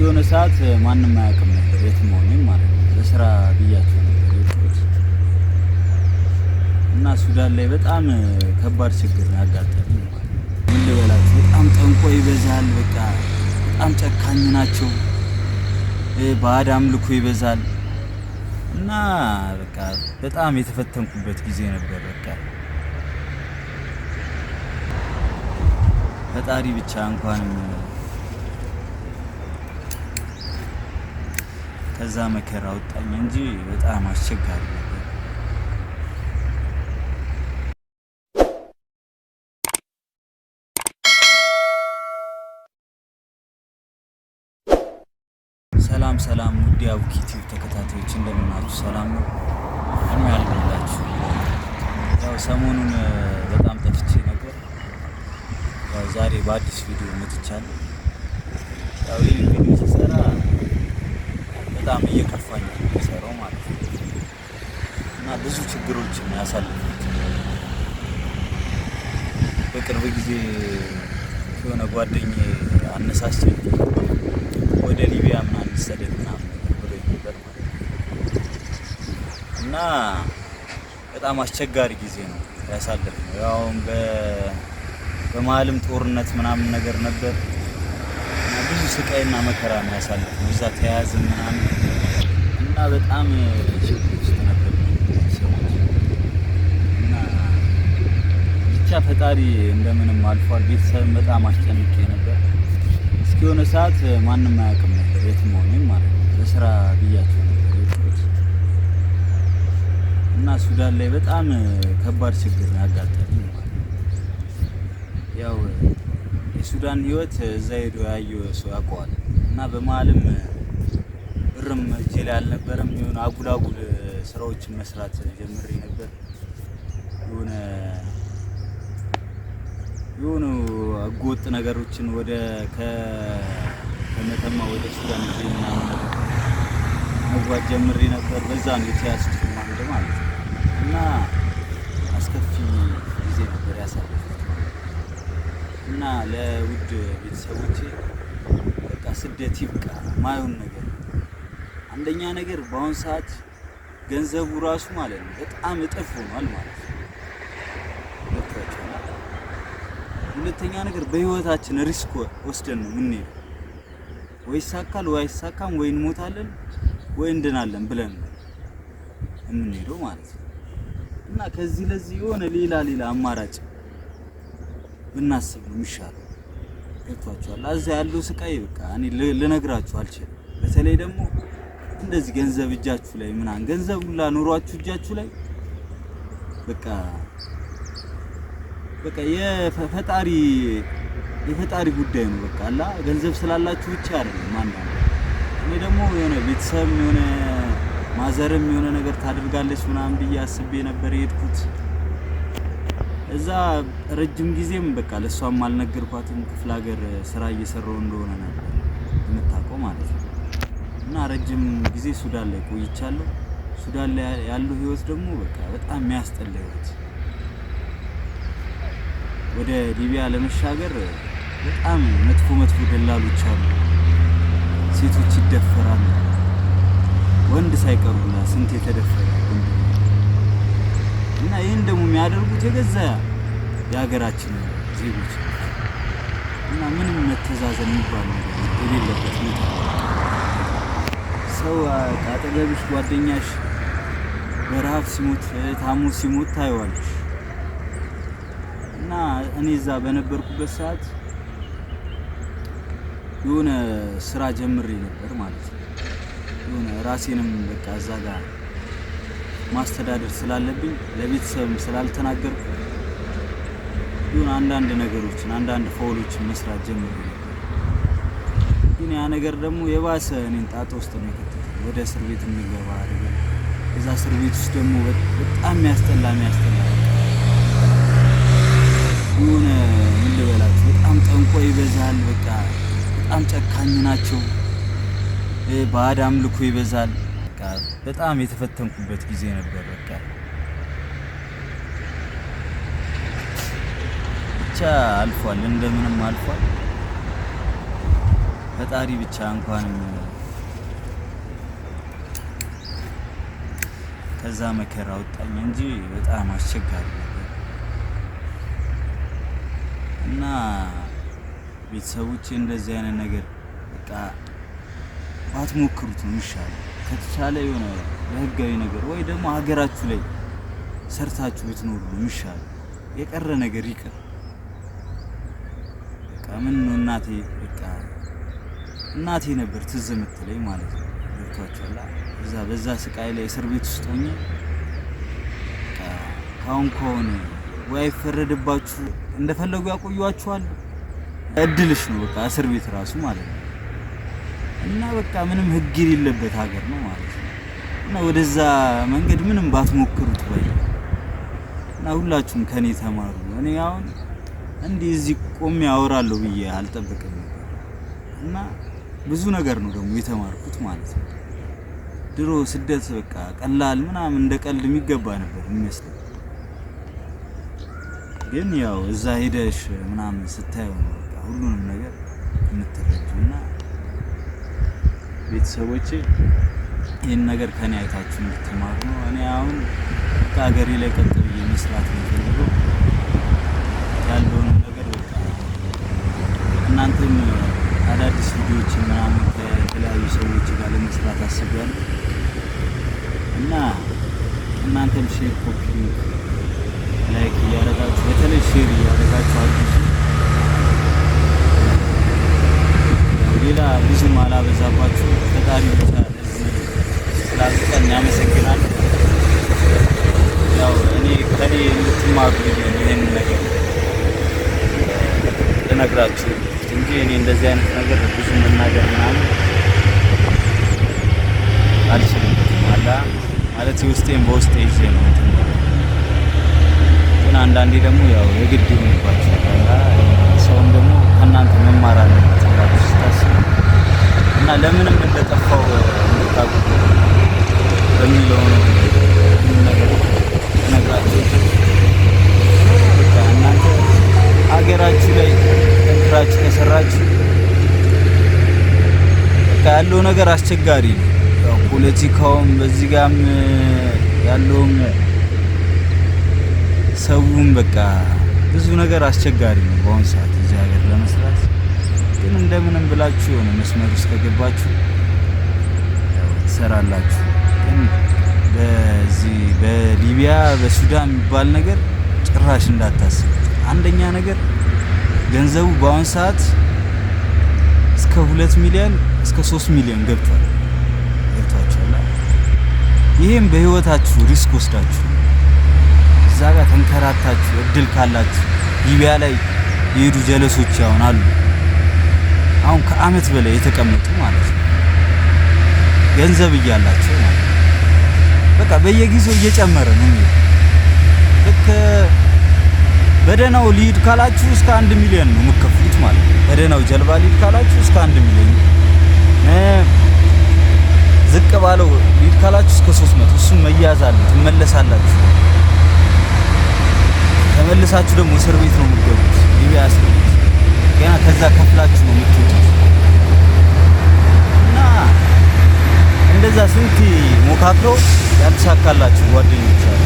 የሆነ ሰዓት ማንም አያውቅም ነበር የት መሆኔም ማለት ነው። ለስራ ብያቸው ነበር የወጣሁት እና ሱዳን ላይ በጣም ከባድ ችግር ነው ያጋጠመኝ። ምን ልበላችሁ፣ በጣም ጠንቆ ይበዛል። በቃ በጣም ጨካኝ ናቸው። ባዕድ አምልኮ ይበዛል እና በቃ በጣም የተፈተንኩበት ጊዜ ነበር። በቃ ፈጣሪ ብቻ እንኳንም ከዛ መከራ ወጣኝ እንጂ በጣም አስቸጋሪ ሰላም ሰላም፣ ውድ አቡኪቲቭ ተከታታዮች እንደምናችሁ፣ ሰላም ነው እድሜ ያልኩላችሁ። ያው ሰሞኑን በጣም ጠፍቼ ነበር። ያው ዛሬ በአዲስ ቪዲዮ መጥቻለሁ። ያው ይህ ቪዲዮ በጣም እየከፋኝ የሚሰራው ማለት ነው እና ብዙ ችግሮች ያሳልፉት። በቅርብ ጊዜ የሆነ ጓደኝ አነሳስቶኝ ወደ ሊቢያ ምናምን ሰደድ ምናምን ብሎ ነበር ማለት እና በጣም አስቸጋሪ ጊዜ ነው ያሳለፍነው። ያው በመሀልም ጦርነት ምናምን ነገር ነበር ብዙ ስቃይና መከራ ነው ያሳለፍ ነው። እዛ ተያያዝን ምናምን እና በጣም ብቻ ፈጣሪ እንደምንም አልፏል። ቤተሰብን በጣም አስጨንቄ ነበር። እስኪ የሆነ ሰዓት ማንም አያውቅም ነበር የት መሆኔም ማለት ነው። በስራ ብያቸው ነበር እና ሱዳን ላይ በጣም ከባድ ችግር ነው ያጋጠመኝ ያው የሱዳን ህይወት እዛ ሄዶ ያየ ሰው ያውቀዋል። እና በመሀልም ብርም እጄ ላይ አልነበረም። የሆነ አጉል ስራዎችን መስራት ጀምሬ ነበር። የሆነ የሆኑ ህገወጥ ነገሮችን ወደ ከመተማ ወደ ሱዳን ዜ ምናምን መጓዝ ጀምሬ ነበር። በዛ ነው የተያዝኩት ማለት ነው እና አስከፊ ጊዜ ነበር ያሳለፍ እና ለውድ ቤተሰቦቼ በቃ ስደት ይብቃ። ማየውን ነገር አንደኛ ነገር በአሁን ሰዓት ገንዘቡ ራሱ ማለት ነው በጣም እጥፍ ሆኗል ማለት ነው። ሁለተኛ ነገር በህይወታችን ሪስክ ወስደን ነው የምንሄደው። ወይ ይሳካል ወይ አይሳካም፣ ወይ እንሞታለን ወይ እንድናለን ብለን ነው የምንሄደው ማለት ነው እና ከዚህ ለዚህ የሆነ ሌላ ሌላ አማራጭ ብናስብ ነው የሚሻለው። ገብቷችኋል? እዛ ያለው ስቃይ በቃ እኔ ልነግራችሁ አልችልም። በተለይ ደግሞ እንደዚህ ገንዘብ እጃችሁ ላይ ምናምን ገንዘብ ሁላ ኑሯችሁ እጃችሁ ላይ በቃ በቃ የፈጣሪ የፈጣሪ ጉዳይ ነው። በቃ አላ ገንዘብ ስላላችሁ ብቻ አይደለም። አንዳንድ እኔ ደግሞ የሆነ ቤተሰብ የሆነ ማዘርም የሆነ ነገር ታደርጋለች ምናምን ብዬ አስቤ ነበር የሄድኩት እዛ ረጅም ጊዜም በቃ ለእሷም አልነገርኳትም። ክፍለ ሀገር ስራ እየሰራው እንደሆነ ነበር የምታውቀው ማለት ነው። እና ረጅም ጊዜ ሱዳን ላይ ቆይቻለሁ። ሱዳን ላይ ያለው ህይወት ደግሞ በቃ በጣም የሚያስጠላ ህይወት። ወደ ሊቢያ ለመሻገር በጣም መጥፎ መጥፎ ደላሎች አሉ። ሴቶች ይደፈራሉ፣ ወንድ ሳይቀሩላ ስንት የተደፈረ ወንድ እና ይህን ደግሞ የሚያደርጉት የገዛ የሀገራችን ዜጎች እና ምንም መተዛዘን የሚባል ነገር የሌለበት ሁኔታ ሰው ከአጠገብሽ ጓደኛሽ በረሀብ ሲሞት ታሞ ሲሞት ታየዋለሽ። እና እኔ እዛ በነበርኩበት ሰዓት የሆነ ስራ ጀምሬ ነበር ማለት ነው። የሆነ ራሴንም በቃ እዛ ጋር ማስተዳደር ስላለብኝ ለቤተሰብም ስላልተናገርኩ ይሁን አንዳንድ ነገሮችን አንዳንድ ፎሎችን መስራት ጀምሩ። ግን ያ ነገር ደግሞ የባሰ እኔን ጣጣ ውስጥ ነው የከተተው። ወደ እስር ቤት እንገባ አድርገ እዛ እስር ቤት ውስጥ ደግሞ በጣም የሚያስጠላ የሚያስጠላ የሆነ ምን ልበላችሁ፣ በጣም ጠንቆ ይበዛል። በቃ በጣም ጨካኝ ናቸው። ባዕድ አምልኮ ይበዛል። በቃ በጣም የተፈተንኩበት ጊዜ ነበር። በቃ ብቻ አልፏል፣ እንደምንም አልፏል። ፈጣሪ ብቻ እንኳንም ከዛ መከራ አወጣኝ እንጂ በጣም አስቸጋሪ ነበር እና ቤተሰቦቼ እንደዚህ አይነት ነገር በቃ ባትሞክሩት ነው የሚሻለው። ከተቻለ የሆነ ለህጋዊ ነገር ወይ ደግሞ ሀገራችሁ ላይ ሰርታችሁ ብትኖሩ ነው የሚሻለው። የቀረ ነገር ይቅር። በቃ ምን ነው እናቴ በቃ እናቴ ነበር ትዝ የምትለኝ ማለት ነው። ገብቷችኋል? እዛ በዛ ስቃይ ላይ እስር ቤት ውስጥ ሆኜ ካሁን ከሆነ ወይ አይፈረድባችሁ እንደፈለጉ ያቆዩዋችኋል። እድልሽ ነው በቃ እስር ቤት ራሱ ማለት ነው። እና በቃ ምንም ህግ የሌለበት ሀገር ነው ማለት ነው። እና ወደዛ መንገድ ምንም ባትሞክሩት ወይ እና ሁላችሁም ከኔ ተማሩ። እኔ አሁን እንዲህ እዚህ ቆሜ አወራለሁ ብዬ አልጠብቅም ነበር እና ብዙ ነገር ነው ደግሞ የተማርኩት ማለት ነው። ድሮ ስደት በቃ ቀላል ምናምን እንደ ቀልድ የሚገባ ነበር የሚመስለው፣ ግን ያው እዛ ሄደሽ ምናምን ስታየው ነው በቃ ሁሉንም ነገር የምትረጁ እና ቤተሰቦች ይህን ነገር ከኔ አይታችሁ እንድትማሩ ነው። እኔ አሁን ከሀገሬ ላይ ቀጥ ብዬ መስራት የሚፈልገው ያለውን ነገር እናንተም አዳዲስ ቪዲዮዎች ምናምን ከተለያዩ ሰዎች ጋር ለመስራት አስቤያለሁ እና እናንተም ሼር፣ ኮፒ፣ ላይክ እያደረጋችሁ በተለይ ሼር እያደረጋችሁ አዲሱ ፓርቲ ውስጤን በውስጤ ይዤ ነው። ግን አንዳንዴ ደግሞ ያው የግድ ይሆንባቸዋል። ሰውም ደግሞ ከእናንተ መማር አለበት ላችሁ እና ለምንም እንደጠፋው እንድታቁ በሚለው ነው ነገር ነግራቸው እናንተ ላይ ጠንክራችሁ ከሰራችሁ ያለው ነገር አስቸጋሪ ነው። ፖለቲካውም በዚህ ጋም ያለውም ሰውም በቃ ብዙ ነገር አስቸጋሪ ነው በአሁኑ ሰዓት እዚህ ሀገር ለመስራት። ግን እንደምንም ብላችሁ የሆነ መስመር ውስጥ ከገባችሁ ትሰራላችሁ። ግን በዚህ በሊቢያ በሱዳን የሚባል ነገር ጭራሽ እንዳታስብ። አንደኛ ነገር ገንዘቡ በአሁኑ ሰዓት እስከ ሁለት ሚሊዮን እስከ ሶስት ሚሊዮን ገብቷል። ይህም በህይወታችሁ ሪስክ ወስዳችሁ እዛ ጋር ተንከራታችሁ እድል ካላችሁ ሊቢያ ላይ የሄዱ ጀለሶች ያሁን አሉ። አሁን ከአመት በላይ የተቀመጡ ማለት ነው። ገንዘብ እያላቸው ማለት በቃ በየጊዜው እየጨመረ ነው የሚሄድ። ልክ በደህናው ሊሂድ ካላችሁ እስከ አንድ ሚሊዮን ነው የምከፍሉት ማለት ነው። በደህናው ጀልባ ሊሂድ ካላችሁ እስከ አንድ ሚሊዮን ዝቅ ባለው ሊድ ካላችሁ እስከ 300 እሱን መያዝ አለ፣ ትመለሳላችሁ። ተመልሳችሁ ደግሞ እስር ቤት ነው የምትገቡት፣ ሊቢያ እስር ቤት። ገና ከዛ ከፍላችሁ ነው የምትወጡት። እና እንደዛ ስንት ሞካክረው ያልተሳካላችሁ ጓደኞች አሉ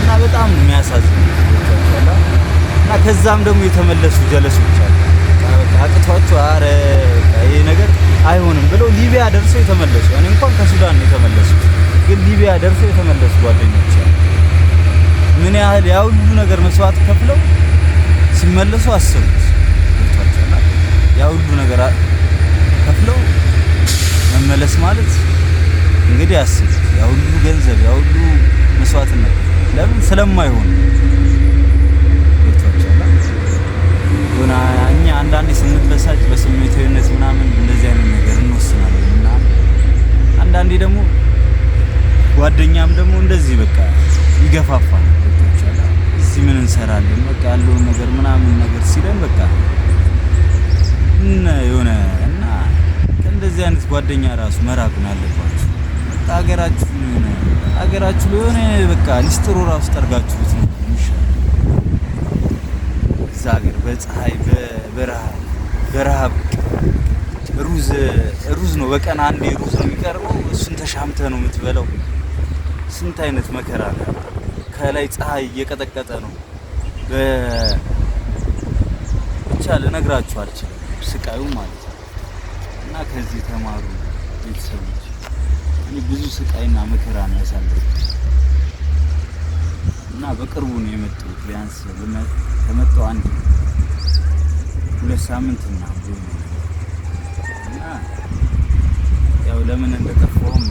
እና በጣም የሚያሳዝኑ እና ከዛም ደግሞ የተመለሱ ጀለሶች አሉ። አቅቷችሁ አረ ይሄ ነገር አይሆንም ብለው ሊቢያ ደርሰው የተመለሱ እኔ እንኳን ከሱዳን ነው የተመለሱት፣ ግን ሊቢያ ደርሰው የተመለሱ ጓደኞች ምን ያህል ያ ሁሉ ነገር መስዋዕት ከፍለው ሲመለሱ አሰቡት? ያ ሁሉ ነገር ከፍለው መመለስ ማለት እንግዲህ አስቡት፣ ያ ሁሉ ገንዘብ፣ ያ ሁሉ መስዋዕትነት ለምን ስለማይሆን አንዳንዴ ስንበሳጭ በስሜታዊነት ምናምን እንደዚህ አይነት ነገር እንወስናለን እና አንዳንዴ ደግሞ ጓደኛም ደግሞ እንደዚህ በቃ ይገፋፋል። እዚህ ምን እንሰራለን በቃ ያለውን ነገር ምናምን ነገር ሲለን በቃ የሆነ እና ከእንደዚህ አይነት ጓደኛ ራሱ መራቅ ነው በቃ ሀገራችሁ ሆነ ሀገራችሁ የሆነ በቃ ሊስጥሩ ራሱ ጠርጋችሁት ነው እግዚአብሔር በፀሐይ በረሃብ ሩዝ ሩዝ ነው። በቀን አንዴ ሩዝ ነው የሚቀርበው። እሱን ተሻምተ ነው የምትበላው። ስንት አይነት መከራ ነው። ከላይ ፀሐይ እየቀጠቀጠ ነው። ብቻ ልነግራችሁ አልችልም፣ ስቃዩ ማለት ነው። እና ከዚህ ተማሩ ቤተሰቦች። ብዙ ስቃይና መከራ ነው ያሳለፉ እና በቅርቡ ነው የመጡት። ቢያንስ ከመጡ አንድ ሁለት ሳምንት እና እና ያው ለምን እንደጠፋሁም